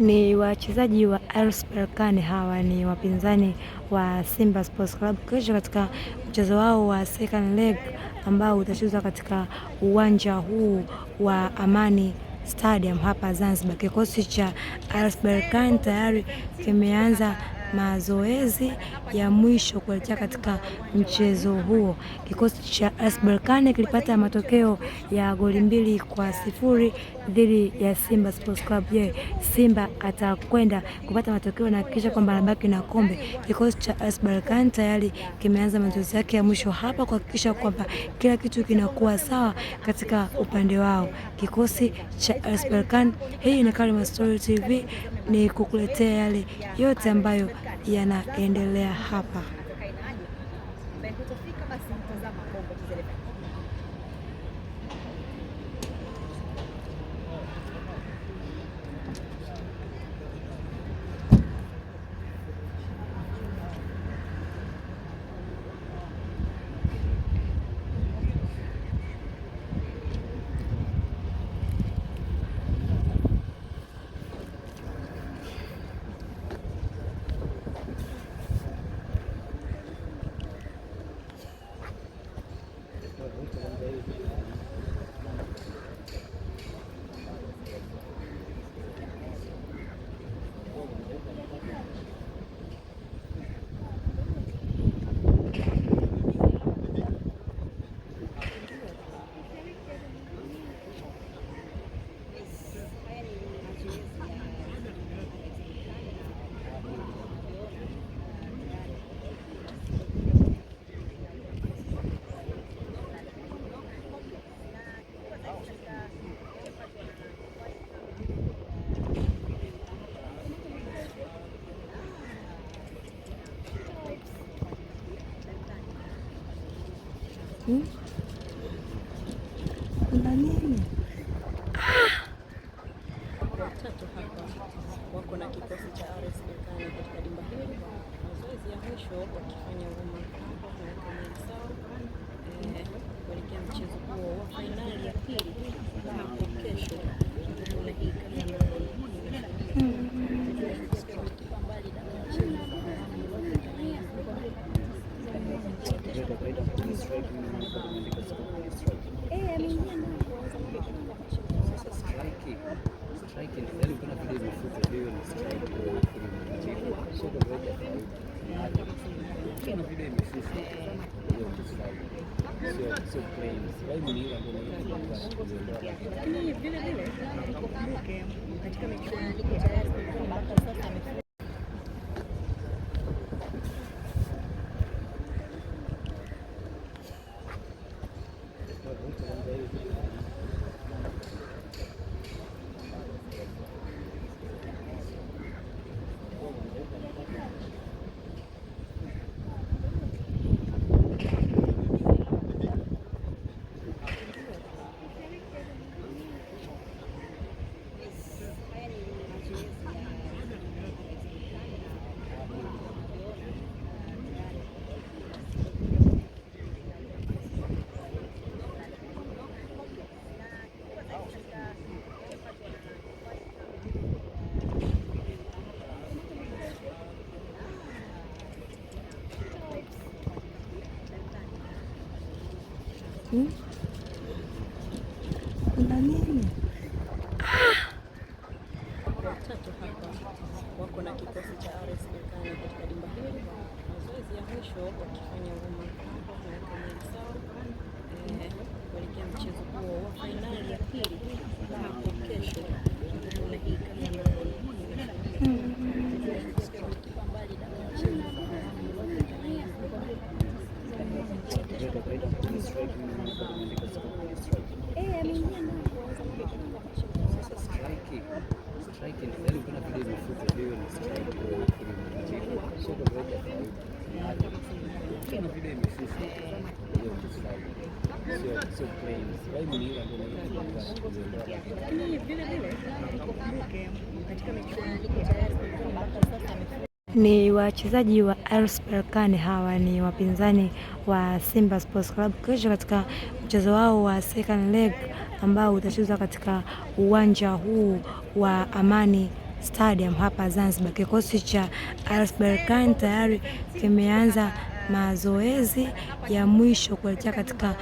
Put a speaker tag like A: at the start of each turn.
A: ni wachezaji wa RS Berkane, hawa ni wapinzani wa Simba Sports Club kesho katika mchezo wao wa second leg ambao utachezwa katika uwanja huu wa Amani Stadium hapa Zanzibar. Kikosi cha RS Berkane tayari kimeanza mazoezi ya mwisho kuelekea katika mchezo huo. Kikosi cha AS Berkane kilipata matokeo ya goli mbili kwa sifuri dhidi ya Simba Sports Club. Je, Simba atakwenda kupata matokeo na hakikisha kwamba anabaki na kombe? Kikosi cha AS Berkane tayari kimeanza mazoezi yake ya mwisho hapa kuhakikisha kwamba kila kitu kinakuwa sawa katika upande wao. Kikosi cha AS Berkane, hii ni Karima Story TV, ni kukuletea yale yote ambayo yanaendelea hapa. Kuna nini? Watatu hapa wako na kikosi cha RS Berkane katika dimba hili, mazoezi ya mwisho wakifanya huruma sawa kuelekea mchezo huo wa fainali ya pili. Lakini vile vile nikumbuke katika michuano niko tayari mpaka sasa Lakini kuna nini? hapa wako na kikosi cha RS Berkane katika dimba hili, mazoezi ya mwisho wakifanya ngoma kuelekea mchezo huo wa fainali ya pili hapo kesho. Lakini vile vile katika mechi tayari mpaka sasa ni wachezaji wa RS Berkane, hawa ni wapinzani wa Simba Sports Club kesho katika mchezo wao wa second leg ambao utachezwa katika uwanja huu wa Amani Stadium hapa Zanzibar. Kikosi cha RS Berkane tayari kimeanza mazoezi ya mwisho kuelekea katika